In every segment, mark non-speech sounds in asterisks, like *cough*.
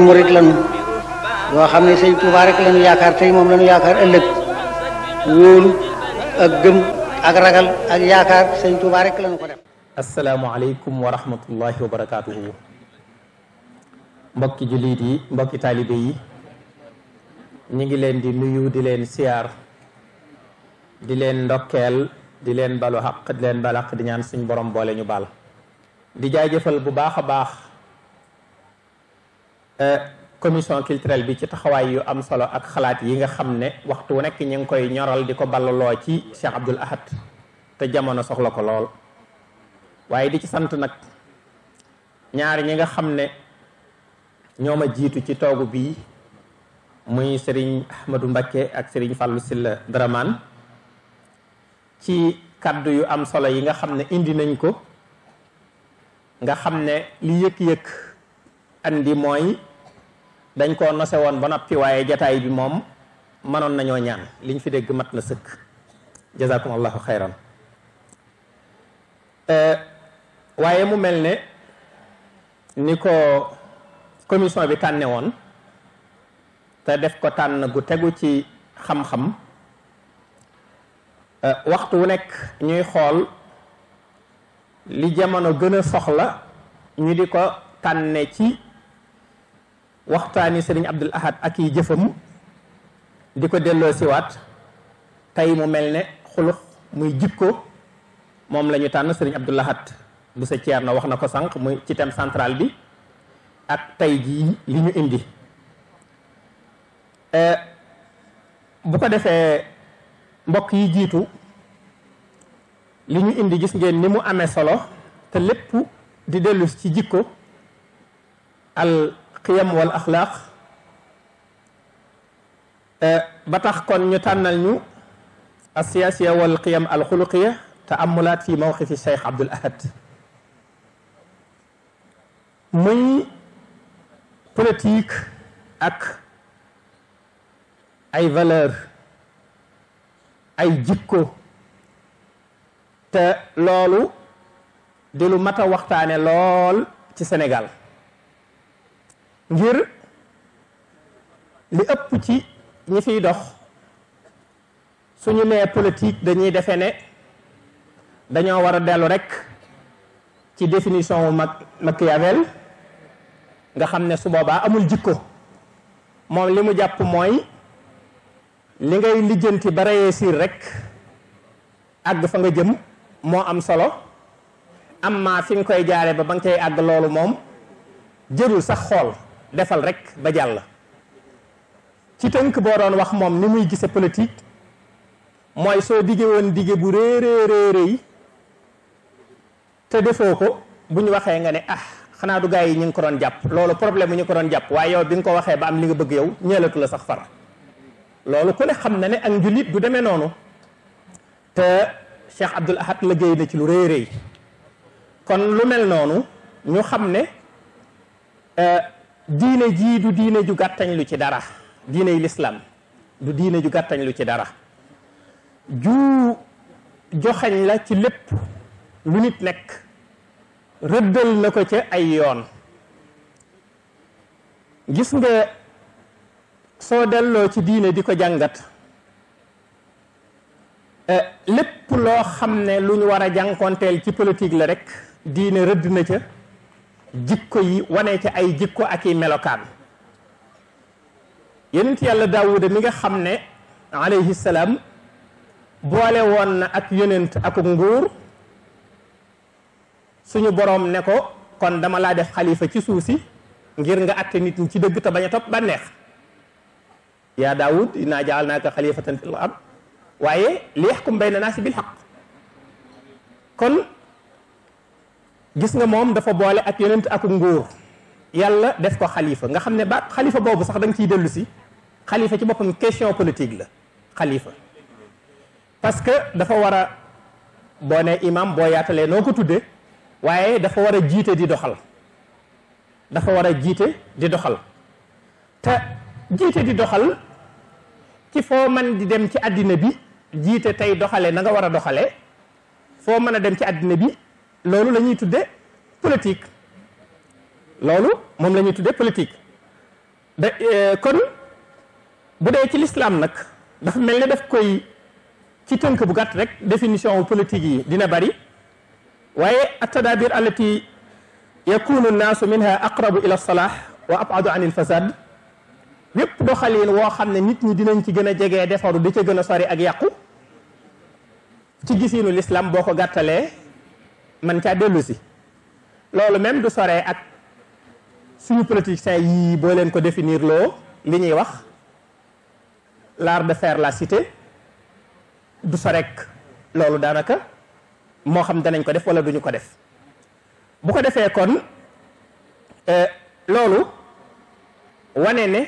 murit lañu yoo xam ne sëñ Tuubaa rek lañu yaakaar tey moom lañu yaakaar ëllëg wóolu ak gëm ak ragal ak yaakaar sëñ Tuubaa rek lañu ko def asalaamualeykum wa rahmatullahi wa barakaatuhu mbokki jullit yi mbokki taalibe yi ñu ngi leen di nuyu di leen siyaar di leen ndokkeel di leen balu xaq di leen balaq di ñaan suñ borom boole ñu baal di jaajëfal bu baax a baax Euh, commission culturel bi ci taxawaay yu am solo ak xalaat yi nga xam ne waxtu wu nekk ñu ngi koy ñoral di ko ballaloo ci Cheikh Abdoul Ahad te jamono soxla ko lool waaye di ci sant nag ñaar ñi nga xam ne ñooma jiitu ci toogu bii muy sëriñ Ahmadou Mbacké ak sëriñ Fallou Silla Dramane ci kaddu yu am solo yi nga xam ne indi nañ ko nga xam ne li yëkk-yëkk andi mooy dañ koo nose woon ba noppi waaye jataay bi moom mënoon nañoo ñaan liñ fi dégg mat na sëkk jazakum allahu xayran euh, waaye mu mel ne ni ko commission bi tànne woon te def ko tànn gu tegu ci xam-xam euh, waxtu wu nekk ñuy xool li jamono gën a soxla ñu di ko tànne ci waxtaani sëriñ Abdul Ahad ak yi jëfam di ko delloo siwaat tey mu mel ne xulux muy jikko moom la tànn sëriñ Abdul Ahad bu sa ceer na wax na ko sànq muy ci thème central bi ak tey gii li ñu indi euh, bu ko defee mbokk yi jiitu li ñu indi gis ngeen ni mu amee solo te lépp di dellu ci jikko al qiyam wal axlaaq ba tax kon ñu tànnal ñu asiyaasiya wal qiyam al te amulaat fi mawqifi Cheikh Abdul Ahad muy politique ak ay valeur ay jikko te loolu di lu mat waxtaane lool ci senegal ngir li ëpp ci ñi fiy dox suñu nee politique dañuy defe ne dañoo war a dellu rek ci définition wu mag Machiavel nga xam ne su boobaa amul jikko moom li mu jàpp mooy li ngay lijjanti ba réussir rekk àgg fa nga jëm moo am solo am maa fi nga koy jaare ba ba nga koy àgg loolu moom jërul sax xool defal rek ba jàll ci tënk boo doon wax moom ni muy gise politique mooy soo digge woon digge bu réeréeréer yi te defoo ko bu ñu waxee nga ne ah xanaa du gaa yi ñu ngi ko doon jàpp loolu problème bi ñu ko doon jàpp waaye yow bi nga ko waxee ba am li nga bëgg yow ñeelatu la sax far loolu ku ne xam ne ne ak njulit du demee noonu te Cheikh Abdoul Ahad liggéey na ci lu réeréy kon lu mel noonu ñu xam ne euh, diine jii du diine ju gàttañ lu ci dara diine lislaam du diine ju gàttañ lu ci dara ju joxañ la ci lépp lu nit nekk rëddal na ko ca ay yoon gis nga soo delloo ci diine di ko jàngat eh, lépp loo xam ne lu ñu war a jànkoonteel ci politique la rekk diine rëdd na ca jikko yi wane ci ay jikko ak i melokaan yonent yàlla daawuda mi nga xam ne alayhi salaam boole woon na ak yonent ak nguur suñu boroom ne ko kon dama laa def xalifa ci suuf si ngir nga àtte nit ñi ci dëgg te bañ a topp bànneex yaa daawud innaa jaalnaaka xalifatan fil ard waaye li yaxkum bayna naasi bil xaq kon gis nga moom dafa boole ak yonent ak nguur yàlla def ko xalifa nga xam ne ba xalifa boobu sax danga ciy dellu si xalifa ci boppam question politique la xalifa parce que dafa war a boo ne imam boo yaatalee noo ko tuddee waaye dafa war a jiite di doxal dafa war a jiite di doxal te jiite di doxal ci foo mën di dem ci àddina bi jiite tey doxale na nga war a doxale foo mën a dem ci àddina bi loolu la ñuy tudde politique loolu moom la ñuy tudde politique euh, kon bu dee ci lislaam nag daf mel ne def koy ci tënk bu gàtt rek définition wu politique yi dina bari waaye attadaabir allati yakunu annaasu minha aqrabu ila alsalah wa abadu an ilfasad wépp doxalin woo xam ne nit ñi dinañ ci gën a jege defaru di ca gën a sori ak yàqu ci gisinu lislaam boo ko gàttalee man caa dellusi loolu même du soree ak suñu politiciens yii boo leen ko définir loo li ñuy wax l'art de faire la cité du sorek loolu daanaka moo xam danañ ko def wala duñu ko def bu ko defee kon euh, loolu wane ne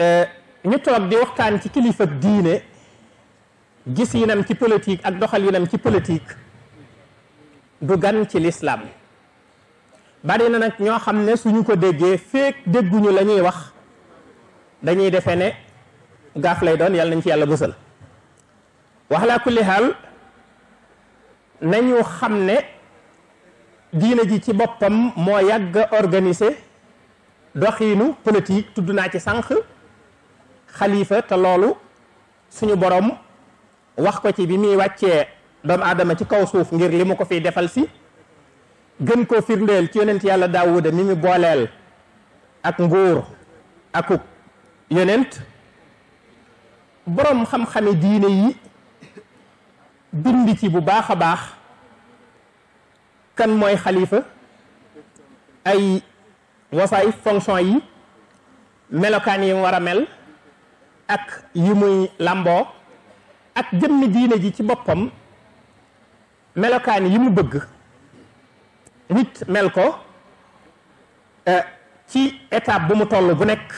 euh, ñu toog di waxtaan ci kilifa diine gis yinam ci politique ak doxal yinam ci politik du gan ci lislaam bari na nag ñoo xam ne suñu ko déggee feek dégguñu la ñuy wax dañuy defe ne gaaf lay doon yàlla nañ ci yàlla bësal wax laa kulli xaal nañu xam ne diina ji ci boppam moo yàgg organiser doxiinu politique tudd naa ci sànq xalifa te loolu suñu boroom wax ko ci bi muy wàccee doomu aadama ci kaw suuf ngir li mu ko fiy defal si gën koo firndeel ci yonent yàlla daawuda mi mu booleel ak nguur akuk yonent boroom xam-xami diine yi bind ci bu baax a baax kan mooy xalifa ay wasaay fonction yi melokaan yi mu war a mel ak yi muy làmboo ak jëmmi diine ji ci boppam melokaan yi mu bëgg nit mel ko eh, ci étape bu mu toll bu nekk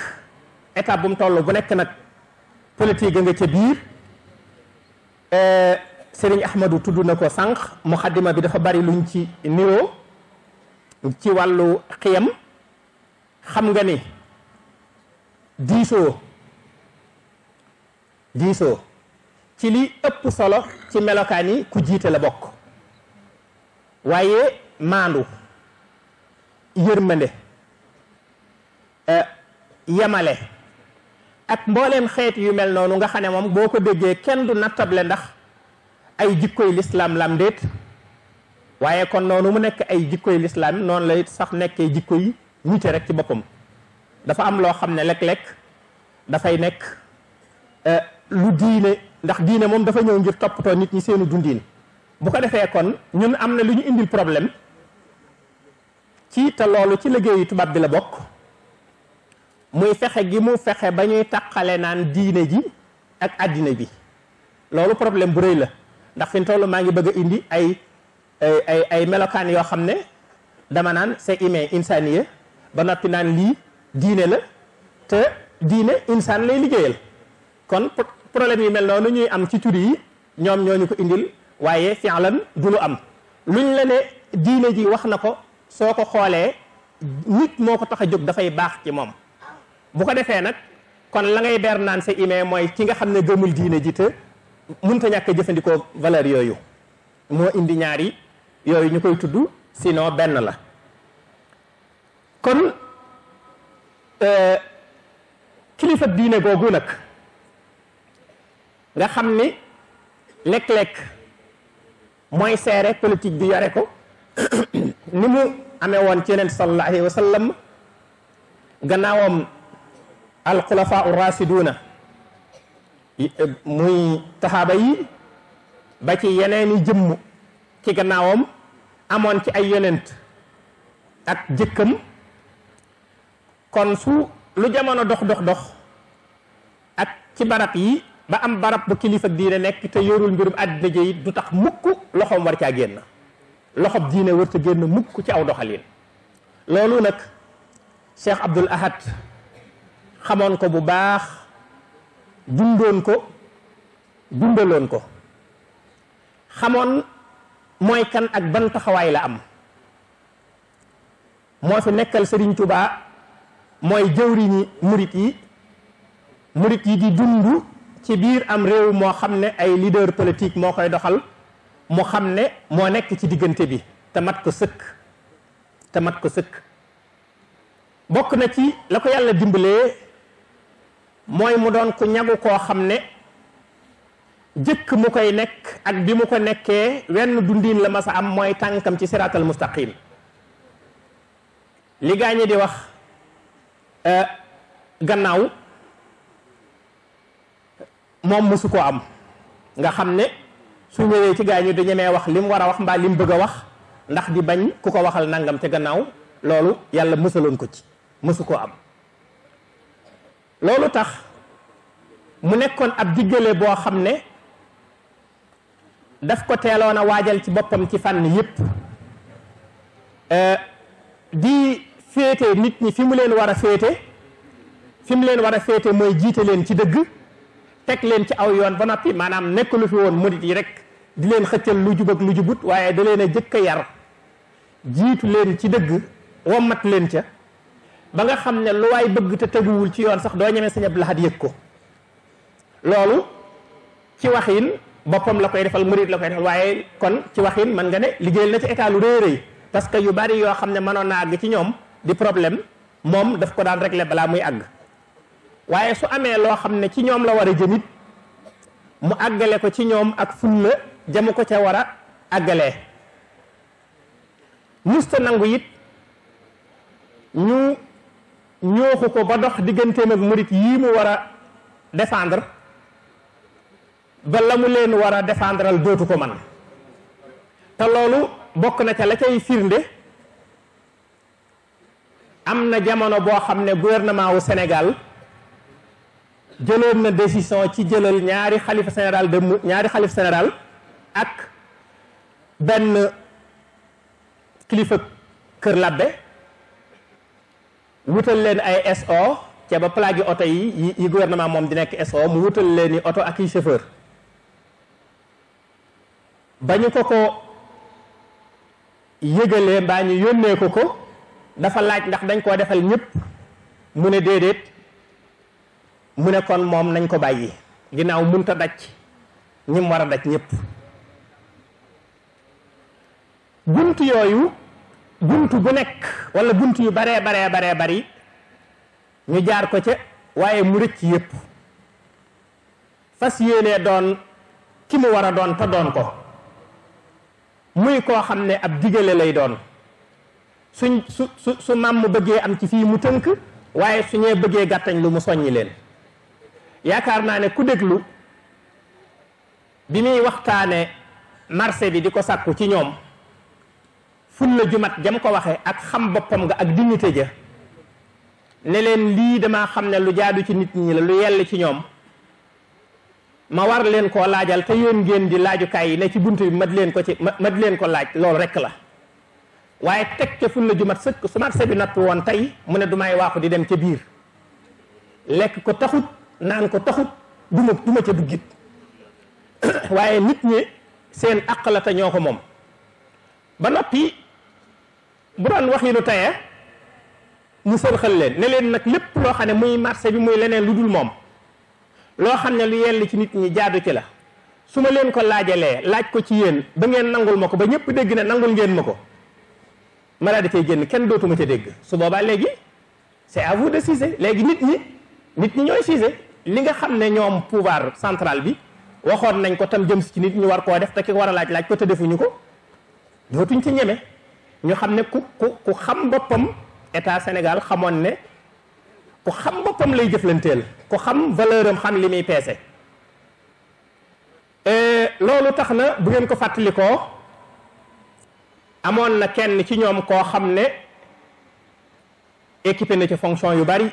étape bu mu toll bu nekk nag politique nga ca biir eh, sëriñ Ahmadou tudd na ko sànq muxaddima bi dafa bari luñ ci niroo ci wàllu xiyam xam nga ni diisoo diisoo ci li ëpp solo ci melokaan yi ku jiite la bokk waaye maandu yërmande eh, yamale ak mbooleem xeet yu mel noonu nga xam ne moom boo ko déggee kenn du le ndax ay jikkoy lislaam lam déet waaye kon noonu mu nekk ay jikkoy lislaam noonu la sax nekkee jikko yi wuute rek ci boppam dafa am loo xam ne lekk-lekk dafay nekk eh, lu diine ndax diine moom dafa ñëw ngir toppatoo nit ñi seenu dundiin bu ko defee kon ñun am na lu ñu indil problème ci te loolu ci liggéeyu tubaab bi la bokk muy fexe gi mu fexe ba ñuy taqale naan diine ji ak àddina bi loolu problème bu rëy la ndax fi toll maa ngi bëgg indi ay ay ay melokaan yoo xam ne dama naan c'est humain insaniye ba noppi naan lii diine la te diine insaan lay liggéeyal kon problème yi mel noonu ñuy am ci tur yi ñoom ñooñu ko indil waaye fi'lan du lu am luñ la ne diine ji wax na ko soo ko xoolee nit moo ko tax a jóg dafay baax ci moom bu ko defee nag kon la ngay ber naan sa imee mooy ki nga xam ne gëmul diine ji te munta ñàkk jëfandikoo valeur yooyu moo indi ñaari yooyu ñu koy tudd sinon benn la kon euh, kilifat diine googu nag nga xam ni lekk-lekk mooy seere politique bi yore ko *clears throat* ni mu amee woon ci yeneen sallallahu alayhi wa gannaawam alxulafa u rasiduuna muy taxaaba yi ba ci yeneeni jëmm ci gannaawam amoon ci ay yonent ak jëkkam kon su lu jamono dox dox dox ak ci barab yi ba am barab bu kilifa diine nekk te yorul mbirum àddina ji it du tax mukk loxoom war caa génn loxob diine war ta génn mukk ci aw doxalin loolu nag Cheikh Abdoul Ahad xamoon ko bu baax dundoon ko dundaloon ko xamoon mooy kan ak ban taxawaay la am moo fi nekkal Serigne Touba mooy jëwriñi murit yi murit yi di dund ci biir am réew moo xam ne ay leader politique moo koy doxal mu xam ne moo nekk ci diggante bi te mat ko sëkk te mat ko sëkk bokk na ci la ko yàlla dimbalee mooy mu doon ku ñagu koo xam ne jëkk mu koy nekk ak bi mu ko nekkee wenn dundiin la masa am mooy tànkam ci siraatal mustaqim li gaa ñi di wax euh, gannaaw moom mosu koo am nga xam ne su ñëwee ci gaa ñu du ñemee wax li mu war a wax mbaa li mu bëgg a wax ndax di bañ ku ko waxal nangam ci gannaaw loolu yàlla mësaloon ko ci mësu koo am loolu tax mu nekkoon ab diggale boo xam ne daf ko teeloon a waajal ci boppam ci fànn yépp euh, di féete nit ñi fi mu leen war a féete fi mu leen war a féete mooy jiite leen ci dëgg teg leen ci aw yoon ba noppi maanaam nekk lu fi woon murit yi rek di leen xëccal lu jub ak lu jubut waaye da leen a jëkk a yar jiitu leen ci dëgg wommat leen ca ba nga xam ne lu waay bëgg te teguwul ci yoon sax doo ñemee Sëñ Abdou Lahad yëg ko loolu ci waxin boppam la koy defal murit la koy defal waaye kon ci waxin man nga ne liggéey la ci état lu rëy rëy parce que yu bari yoo xam ne mënoon naa àgg ci ñoom di problème moom daf ko daan régler balaa muy àgg waaye su amee loo xam ne ci ñoom la war a jëmit mu àggale ko ci ñoom ak fulla jamu ko ca war a àggalee musta nangu it ñu ñooxu ko ba dox digganteem ak murit yii mu war a défendre ba la mu leen war a défendral dootu ko man te loolu bokk na ca la cay firnde am na jamono boo xam ne gouvernement wu Sénégal jëloon na décision ci jëlal ñaari xalifa général de ñaari xalif général ak benn kilifa kër labbe wutal leen ay SO ca ba plaque yi oto yi yi gouvernement moom di nekk SO mu wutal leen i oto ak i chauffeur ba ñu ko ko yëgalee mbaa ñu yónnee ko ko dafa laaj ndax dañ koo defal ñépp mu ne déedéet mu ne kon moom nañ ko bàyyi ginnaaw munta daj ñim war a daj ñëpp bunt yooyu gunt bu nekk wala bunt yu baree baree baree bari ñu jaar ko ca waaye mu rëcc yëpp fas yéenee doon ki mu war a doon te doon ko muy koo xam ne ab digale lay doon suñ su su su maam mu bëggee am ci fii mu tënk waaye su ñee bëggee gàttañ lu mu soññi leen yaakaar naa ne ku déglu bi muy waxtaane marché bi di ko sàkku ci ñoom ful la jumat jam ko waxe ak xam boppam nga ak dignité ja ne leen lii damaa xam ne lu jaadu ci nit ñi la lu yell ci ñoom ma war leen koo laajal te yoon ngeen di laajukaay yi ne ci bunt bi mat leen ko ci mat leen ko laaj loolu rekk la waaye teg ca ful la jumat sëkk su marché bi natt woon tey mu ne dumay may waaxu di dem ca biir lekk ko taxut naan ko taxut du ma du ma ca duggit *coughs* waaye nit ñi seen àq la te ñoo ko moom ba noppi bu doon wax yi lu teye mu sërxal leen ne leen nag lépp loo xam ne muy marché bi muy leneen lu dul moom loo xam ne lu yell ci nit ñi jaadu ci la su ma leen ko laajalee laaj ko ci yéen ba ngeen nangul ma ko ba ñëpp dégg ne nangul ngeen ma ko ma daal di cay génn kenn dootuma ca dégg su boobaa léegi c'est à vous de siser léegi nit ñi nit ñi ñooy siser li nga xam ne ñoom pouvoir centrale bi waxoon nañ ko tam jëm si ci nit ñu war koo def te ki war a laaj laaj ko te defuñu ko dootuñ ci ñeme ñu xam ne ku ku ku xam boppam état Sénégal xamoon ne ku xam boppam lay jëflanteel ku xam valeur xam li muy peese euh, loolu tax na bu ngeen ko fàttali fàttalikoo amoon na kenn ci ñoom koo xam ne équipé na ci fonction yu bari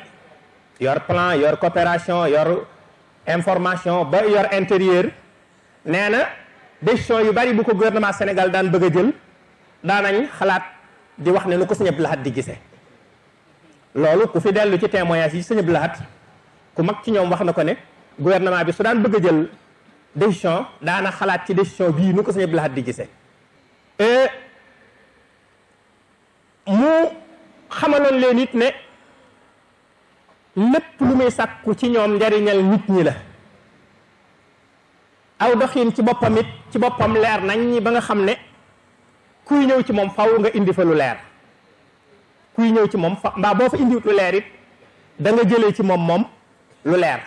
yor plan yor coopération yor information ba yor intérieur nee na décision yu bari bu ko gouvernement Sénégal daan bëgg a jël daanañ xalaat di wax ne nu ko sëñ Abdou di gisee loolu ku fi dellu ci témoignage yi sëñ Abdou ku mag ci ñoom wax na ko ne gouvernement bi su daan bëgg a jël décision daana xalaat ci décision bii nu ko sëñ Abdou di gisee mu xamaloon leen it ne lépp lu muy sàkku ci ñoom njariñal nit ñi la aw doxin ci boppam it ci boppam leer nañ ñi ba nga xam ne kuy ñëw ci moom faw nga indi fa lu leer kuy ñëw ci moom fa mbaa boo fa indiwut lu leer it da nga ci moom moom lu leer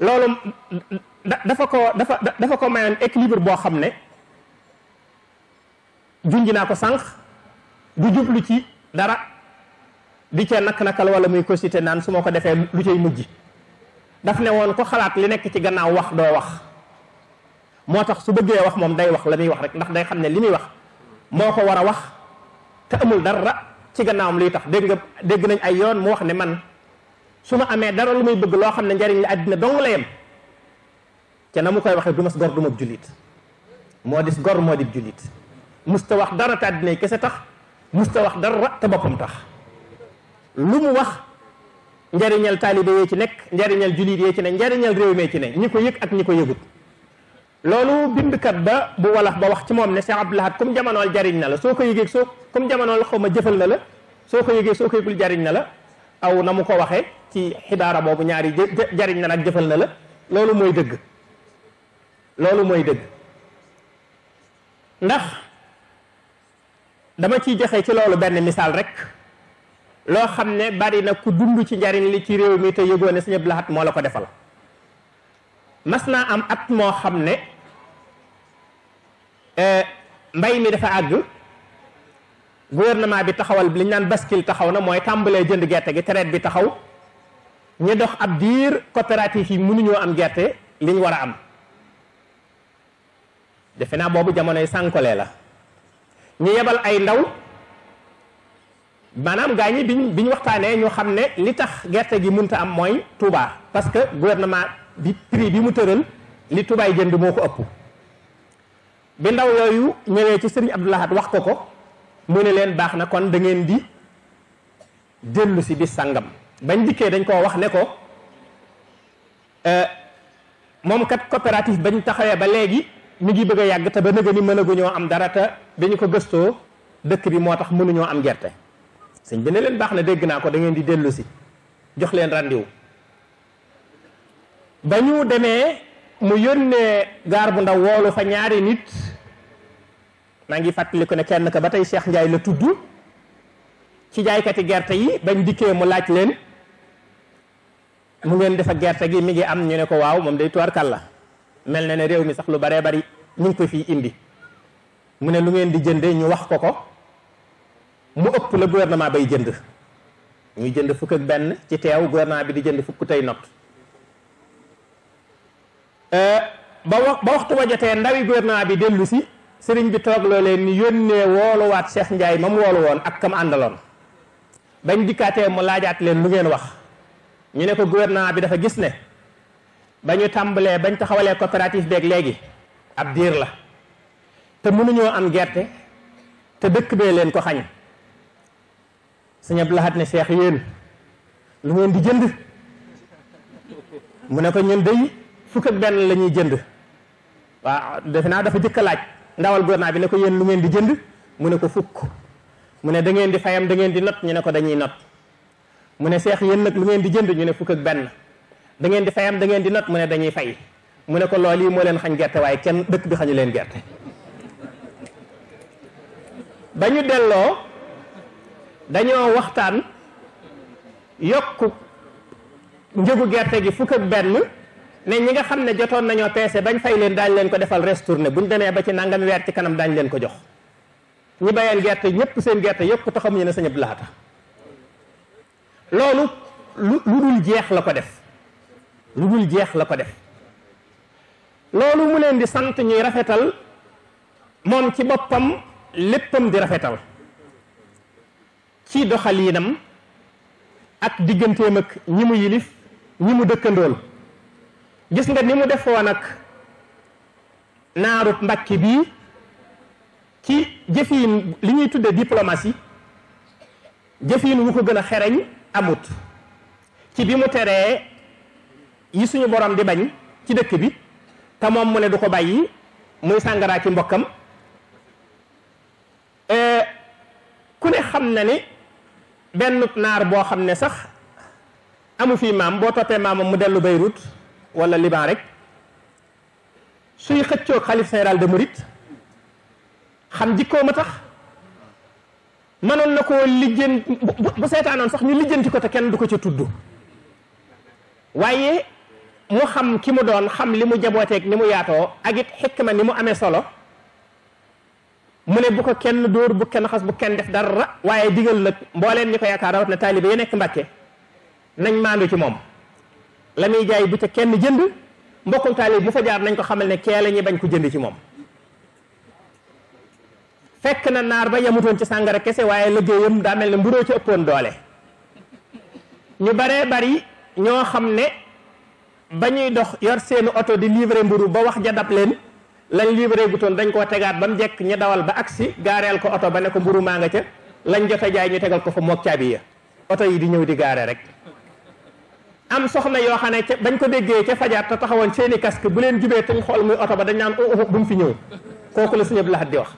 loolu dafa ko dafa dafa ko mayoon équilibre boo xam ne junj naa ko sànq du jublu ci dara di cee nak-nakal wala muy cosité naan su ma ko defee lu cay mujj daf ne woon ko xalaat li nekk ci gannaaw wax doo wax moo tax su bëggee wax moom day wax la muy wax rek ndax day xam ne li muy wax moo ko war a wax te amul dara ci gannaawam luy tax dégg nga dégg nañ ay yoon mu wax ne man su ma amee dara lu muy bëgg loo xam ne njariñ li àddina dong la yem te na mu koy waxee du mas gor du ma jullit moo dis gor moo di jullit musta wax dara te àddina kese tax musta wax dara te boppam tax lu mu wax njariñal taalibe yee ci nekk njariñal julit yee ci ne njariñal réew mee ci ne ñi ko yëg ak ñi ko yëgut loolu bindkat ba bu walax ba wax ci moom ne Cheikh Abdoul Ahad comme jamonool jariñ na la soo ko yëgee soo kum jamonool xaw ma jëfal na la soo ko yëgee soo ko yëgul jariñ na la aw na mu ko waxee ci xibaara boobu ñaari jariñ na la ak jëfal na la loolu mooy dëgg loolu mooy dëgg ndax dama ciy joxe ci loolu benn misaal rek loo xam ne bari na ku dund ci njariñ li ci réew mi te yëgoo ne sëñ Abdou Lahad moo la ko defal mas naa am at moo xam ne eh, mbay mi dafa àgg gouvernement bi taxawal li ñu naan bascule taxaw na mooy tàmbalee jënd gerte gi traite bi taxaw ñu dox ab diir coopérative yi mënuñoo am gerte li war a am defe naa boobu jamonoy sànkolee la ñu yebal ay ndaw maanaam gaa ñi biñ bi ñu waxtaanee ñu xam ne li tax gerte gi mënta am mooy Touba parce que gouvernement bi prix bi mu tëral li Touba yi jënd moo ko ëpp bi ndaw yooyu ñëwee ci sëriñ Abdou Lahad wax ko ko mu ne leen baax na kon dangeen di dellu si sàngam bañ dikkee dañ koo wax ne ko euh, moom kat coopérative bañ taxawee ba léegi mu ngi bëgg a yàgg te ba nëga ni mënaguñoo am dara te bi ñu ko gëstoo dëkk bi moo tax mënuñoo am gerte sëñ bi ne leen baax na dégg naa ko dangeen di dellu si jox leen rendez-vous ba ñu demee mu yónnee gaar bu ndaw woolu fa ñaari nit maa ngi fàttaliku ne kenn ka ba tey Cheikh Ndiaye la tudd ci jaaykati gerte yi bañ dikkee mu laaj leen mu ngeen defa gerte gi mi ngi am ñu ne ko waaw moom day tuwarkal la mel na ne réew mi sax lu baree bari ñu ngi ko fii indi mu ne lu ngeen di jëndee ñu wax ko ko mu ëpp la gouvernement bay jënd ñuy jënd fukk ak benn ci teew gouvernement bi di jënd fukk tey not euh, ba wax ba waxtu ba jotee ndawi gouvernement bi dellu si sëriñ bi toog loo leen ni yónnee wooluwaat Cheikh Ndiaye ma mu woolu woon ak kam àndaloon bañ dikkaatee mu laajaat leen lu ngeen wax ñu ne ko gouvernement bi dafa gis ne ba ñu tàmbalee bañ taxawalee coopérative beeg léegi ab diir la te mënuñoo am gerte te dëkk bee leen ko xañ sëñ Abdou Lahad ne seex yéen lu ngeen di jënd mu ne ko ñun day fukk ak benn la jënd waaw defe naa dafa jëkk laaj ndawal naa bi ne ko yéen lu ngeen di jënd mu ne ko fukk mu ne da ngeen di fayam da ngeen di not ñu ne ko dañuy not mu ne seex yéen nag lu ngeen di jënd ñu ne fukk ak benn da ngeen di fayam da ngeen di not mu ne dañuy fay mu ne ko lool yi moo leen xañ gerte waaye kenn dëkk bi xañu leen gerte ba ñu delloo dañoo waxtaan yokk njëgu gerte gi fukk ak benn ne ñi nga xam ne jotoon nañoo peese bañ fay leen daañ leen ko defal restourné buñ demee ba ci nangami weer ci kanam daañ leen ko jox ñi bayeen gerte ñëpp seen gerte yokk te xamuñu ne sañëb laata loolu lu dul jeex la ko def lu dul jeex la ko def loolu mu leen di sant ñuy rafetal moom ci boppam léppam di rafetal ci doxaliinam ak digganteem ak ñi mu yilif ñi mu dëkkandool gis nga ni mu defoon ak naarut mbàkki bii ci jëfiin li ñuy tudde diplomatie jëfiin wu ko gën a xereñ amut ci bi mu teree yi suñu borom di bañ ci dëkk bi te moom mu ne du ko bàyyi muy sàngaraa ci mbokkam eh, ku ne xam na ne benn naar boo xam ne sax amu fi maam boo toppee maamam mu dellu Beyrouth wala Liban rek suy xëccoog xalif général de Mouride xam jikkoo ma tax mënoon na ko lijjan bu seetaanoon sax ñu lijjanti ko te kenn du ko ca tudd waaye mu xam ki mu doon xam li mu jabooteeg ni mu yaatoo ak it xikma ni mu amee solo mu ne bu ko kenn dóor bu kenn xas bu kenn def dara waaye digal nag mbooleen ñi ko yaakaar rawat na taalibe yi nekk mbàkke nañ maandu ci moom la muy jaay bu ca kenn jënd mbokkum taalib bu fa jaar nañ ko xamal ne kee la ñuy bañ ko jënd ci moom fekk na naar ba yamutoon ci sàngara kese waaye liggéeyam daa mel ne mburoo ci ëppoon doole ñu baree bari ñoo xam ne ba ñuy dox yor seeni oto di livrer mburu ba wax ja leen lañ libéré gutoon dañ koo tegaat ba mu jekk ñu dawal ba agsi gaareel ko oto ba ne ko mburu maa nga ca lañ jote jaay ñu tegal ko fa mook caabi ya oto yi di ñëw di gaare rek am soxna yoo xam ne ca bañ ko déggee ca fajaat te taxawoon seeni casque bu leen jubee tañ xool muy oto ba dañ naan oh, oh, bu mu fi ñëw kooku la sëñ Abdou Lahad di wax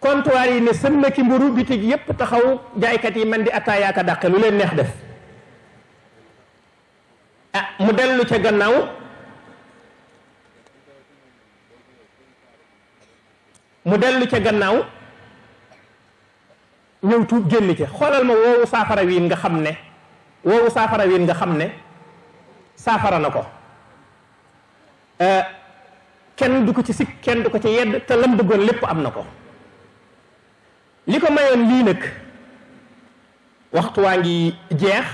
comptoir yi ne sën na ki mburu bitig yépp taxaw jaaykat yi man di attaayaaka dàqe lu leen neex def ah mu dellu ca gannaaw mu dellu ca gannaaw ñëw tuub génn ca xoolal ma woowu saafara wiin nga xam ne woowu saafara wiin nga xam ne saafara na ko euh, kenn du ko ci sikk kenn du ko ci yedd te lam bëggoon lépp am na ko li ko mayoon lii nag waxtu waa ngi jeex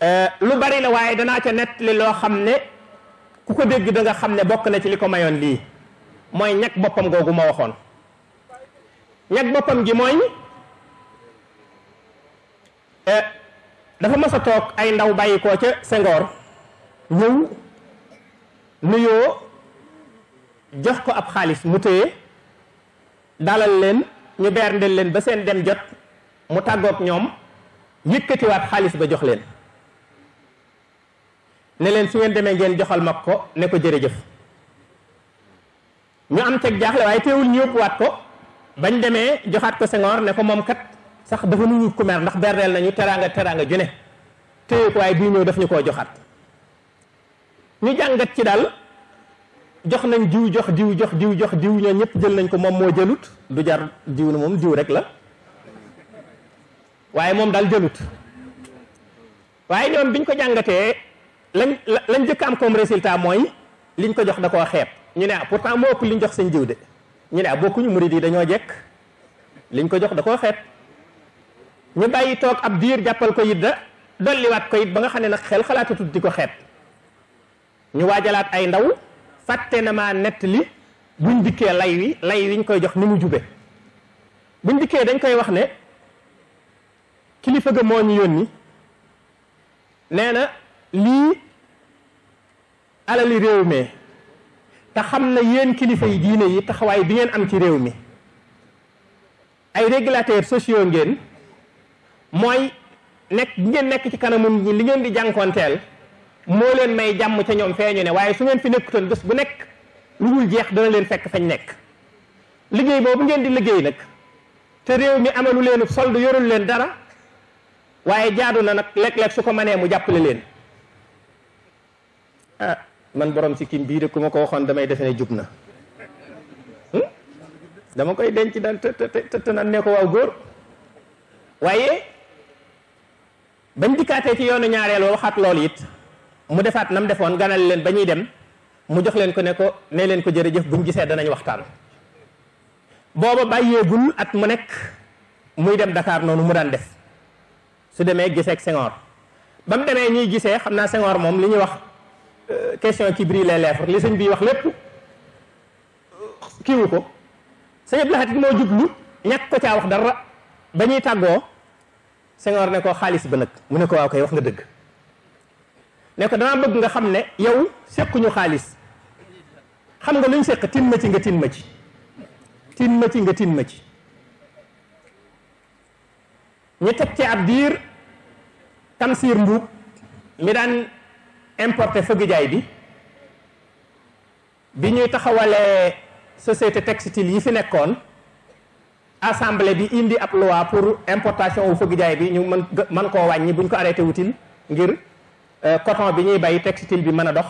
euh, lu bari la waaye danaa ca nettali loo xam ne ku ko dégg da nga xam ne bokk na ci li ko mayoon lii mooy ñag boppam googu ma waxoon ñag boppam gi mooy eh, dafa mas a toog ay ndaw bàyyi koo ca Senghor ñëw nuyoo jox ko ab xaalis mu téye dalal leen ñu berndeel leen ba seen dem jot mu tàggoog ñoom yëkkatiwaat xaalis ba jox leen ne leen su ngeen demee ngeen joxal ma ko ne ko jërëjëf ñu am teg jaaxle waaye teewul ñu waat ko bañ demee joxaat ko Senghor ne ko moom kat sax dafa nu ñu ku mer ndax berneel nañu teraanga teraanga ju ne téye ko waaye bii ñëw daf ñu koo joxaat ñu jàngat ci daal jox nañ diw jox diw jox diw jox diw ñoo ñëpp jël nañ ko moom moo jëlut du jar diw na moom diw rek la waaye moom daal jëlut waaye ñoom biñ ko jàngatee lañ lañ jëkk am comme résultat mooy liñ ko jox da koo xeeb ñu ne ah pourtant moo ëpp liñ jox sañ jiw de ñu ne ah bokkuñu murid yi dañoo jekk liñ ko jox da koo xeeb ñu bàyyi toog ab diir jàppal ko yit da dolliwaat ko ba nga xam ne nag xel xalaatutut di ko xeeb ñu waajalaat ay ndaw fàtte na maa nett li buñ dikkee lay wi lay wiñ koy jox ni mu jube buñ dikkee dañ koy wax ne kilifa ga moo ñu yónni nee na lii alali réew mi te xam na yéen kilifa yi diine yi taxawaay bi ngeen am ci réew mi ay régulateurs sociaux ngeen mooy nekk bi ngeen nekk ci kanamu ñi li ngeen di jànkoonteel moo leen may jàmm ca ñoom feeñu ne waaye su ngeen fi nekkutoon bés bu nekk lu dul jeex dana leen fekk fañ nekk liggéey boobu ngeen di liggéey nag te réew mi amalu leen solde yorul leen dara waaye jaadu na nag léeg-léeg su ko ma nee mu jàppale leen ah man borom sikkim bii de ku ma ko waxoon damay defe ne jub na hmm? dama koy denc daal te te te nan ne ko waaw góor waaye bañ dikkaatee ci yoonu ñaareel wa waxaat loolu it mu defaat nam defoon ganal leen ba ñuy dem mu jox leen ko ne ko ne leen ko jërëjëf buñ gisee danañ waxtaan booba bàyyeegul at mu nekk muy dem dakaar noonu mu daan def su demee gisee ak Senghor ba mu demee ñuy gisee xam naa Senghor moom li ñuy wax Euh, question qui brille les lèvres li sëñ bi wax lépp kiiwu ko sëñ Abdou Lahad moo jublu ñàkk ko caa wax dara ba ñuy tàggoo Senghor ne ko xaalis ba nag mu ne ko waaw kay wax nga dëgg ne ko damaa bëgg nga xam ne yow sequñu xaalis xam nga luñ sekk tin ci nga tin ma ci tin ma ci nga tin ma ci ñu teg ci ab diir Tamsir Mbuub mi daan importé fëgg jaay bi bi ñuy taxawalee société textile yi fi nekkoon assemblée bi indi ab loi pour importation wu fëgg jaay bi ñu mën mën koo wàññi buñ ko arrêté wutil ngir euh, coton bi ñuy bay textile bi mën a dox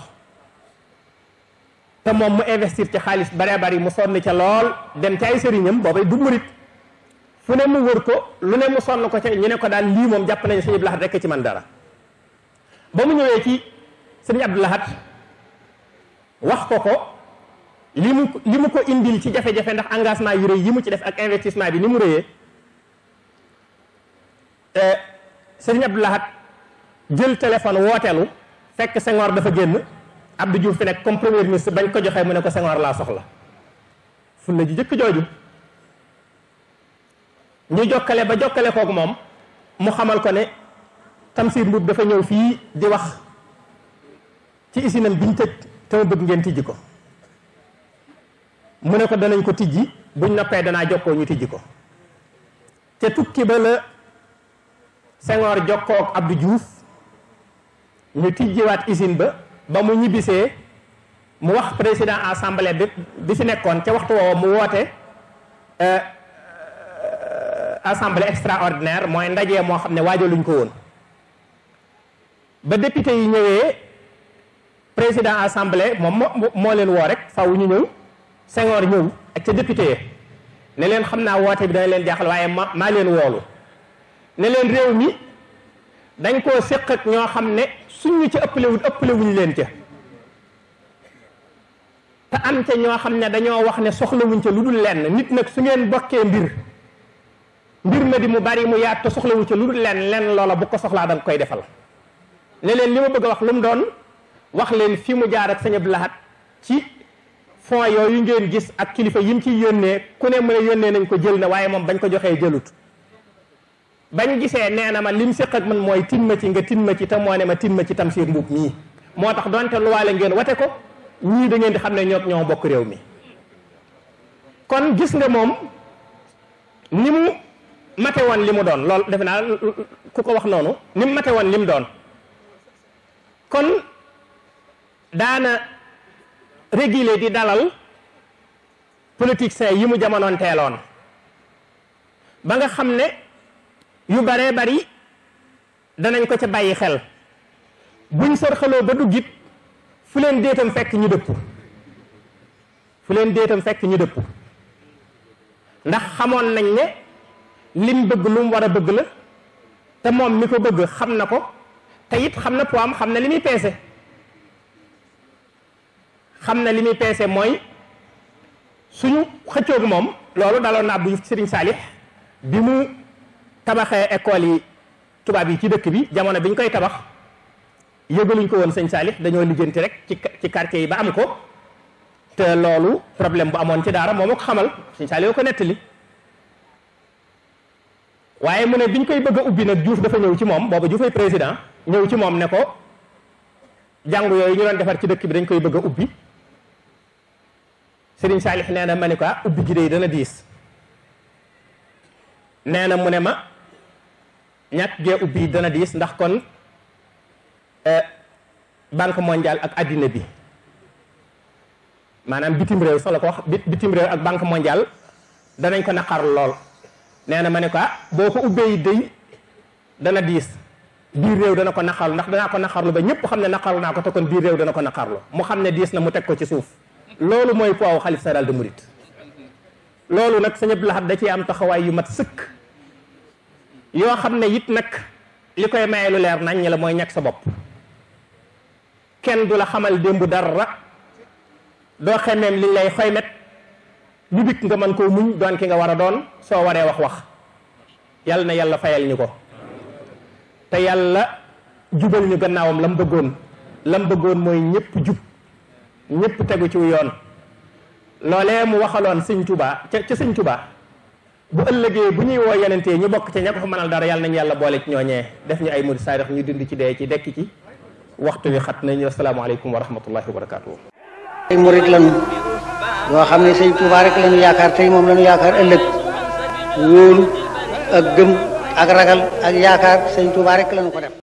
te moom mu investir ci xaalis bare bari mu sonn ca lool dem ci ay sëriñam boobay du murit fu ne mu wër ko lu ne mu sonn ko ca ñu ne ko daal lii moom jàpp nañu suñu laxat rekk ci man dara ba mu ñëwee ci sëriñ Abdou Lahad wax ko ko li mu li mu ko indil ci jafe-jafe ndax engagement yu rëy yi mu ci def ak investissement bi ni mu rëyee eh, sëriñ Abdou Lahad jël téléphone wooteelu fekk Senghor dafa génn Abdou Diouf fi nekk comme premier bañ ko joxee mu ne ko Senghor laa soxla fulla ji jëkk jooju ñu jokkale ba jokkale kook moom mu xamal ko ne Tamsir Mboup dafa ñëw fii di wax ci isinam biñ tëj te ma bëgg ngeen tijji ko mu ne ko danañ ko tijji buñ noppee danaa jokkoo ñu tijji ko te tukki ba la Senghor jokkoo ak Abdou ñu tijjiwaat usine ba ba mu ñibbisee mu wax président assemblée bi bi fi nekkoon ca waxtu woowu mu woote euh, euh, assemblée extraordinaire mooy ndaje moo xam ne waajaluñ ko woon ba député yi ñëwee président assemblée moom moo moo leen woo rek faw ñu ñëw Senghor ñëw ak ca dépité yi ne leen xam naa woote bi dana leen jaaxal waaye ma maa leen woolu ne leen réew mi dañ koo séq ak ñoo xam ne suñu ci ëppalewul ëppalewuñ leen ca te am ca ñoo xam ne dañoo wax ne soxlawuñ ca lu dul lenn nit nag su ngeen bokkee mbir mbir ma di mu bari mu yaat te soxlawu ca lu dul lenn lenn loola bu ko soxlaa da koy defal ne leen li ma bëgg a wax lu mu doon wax leen fi mu jaar ak sëñ Abdou Lahad ci fonds yooyu ngeen gis ak kilifa yim ciy yónnee ku ne mu ne yónnee nañ ko jël na waaye moom bañ ko joxee jëlut bañ gisee nee na ma lim séq ak man mooy tin ma ci nga tin ma ci te moo ne ma tin ma ci Tamsir Mboup mii moo tax donte luwaale ngeen wate ko ñii da di xam ne ñoom ñoo bokk réew mi kon gis nga moom ni mu mate woon li mu doon lool defe naa ku ko wax noonu ni mu mate woon li mu doon kon daana réguler di dalal politiciens yi mu jamonoon ba nga xam ne yu baree bari danañ ko ca bàyyi xel buñ sorxaloo ba duggit fu leen déetam fekk ñu dëpp fu leen déetam fekk ñu dëpp ndax xamoon nañ ne lim bëgg lu war a bëgg la te moom mi ko bëgg xam na ko te it xam na poids am xam ne li muy peese xam na li muy peese mooy suñu xëccoog moom loolu daloon na Abdou Diouf ci Serigne Salih bi mu tabaxee école yi tubaab yi ci dëkk bi jamono bi ñu koy tabax yëgaluñ ko woon sëñ Salih dañoo lijjanti rek ci ci quartier yi ba am ko te loolu problème bu amoon ci daara moom ko xamal sëñ Salih ko li waaye mu ne biñ koy bëgg a ubbi nag juuf dafa ñëw ci moom booba Diouf ay président ñëw ci moom ne ko jàngu yooyu ñu doon defar ci dëkk bi dañ koy bëgg ubbi Serigne Saalix nee na ma ni ko ah, ubbi gi day dana diis nee na mu ne ma ñàkk gee ubbi dana diis ndax kon eh, banque mondiale ak addina bi maanaam bitim réew sax la ko wax bitim réew ak banque mondiale danañ ko naqar lool nee na ma ne ko ah, boo ko ubbee yi day dana diis biir réew dana ko naqarlu ndax danaa ko naqarlu ba ñëpp xam ne naqarlu naa ko te kon biir réew dana ko naqarlu mu xam ne diis na mu teg ko ci suuf loolu mooy poids xalif général de Mouride loolu nag sëñ Abdou Lahad da ciy am taxawaay yu mat sëkk yoo xam ne it nag li koy maye lu leer nañ ñi la mooy ñàkk sa bopp kenn du la xamal démb dara doo xemeem liñ lay xoymet lu dikk nga mën koo muñ doon ki nga war a doon soo waree wax wax yàlla na yàlla fayal ñu ko te yàlla jubal ñu gannaawam lam bëggoon lam bëggoon mooy ñëpp jub ñëpp tegu ci yoon loolee mu waxaloon sëñ tubaa ca ca sëñ tubaa bu ëllëgee bu ñuy woo yenentee ñu bokk ci ña ko fa mënal dara yàlla nañu yàlla boole ci ñooñee def ñu ay murid saadix ñu dund ci dee ci dekk ci waxtu wi xat nañu asalaamaaleykum wa rahmatullahi wa barakaatu. ay murid lañu yoo xam ne sëñ tubaa rek lañu yaakaar tey moom lañu yaakaar ëllëg wóolu ak gëm ak ragal ak yaakaar sëñ tubaa rek lañu ko def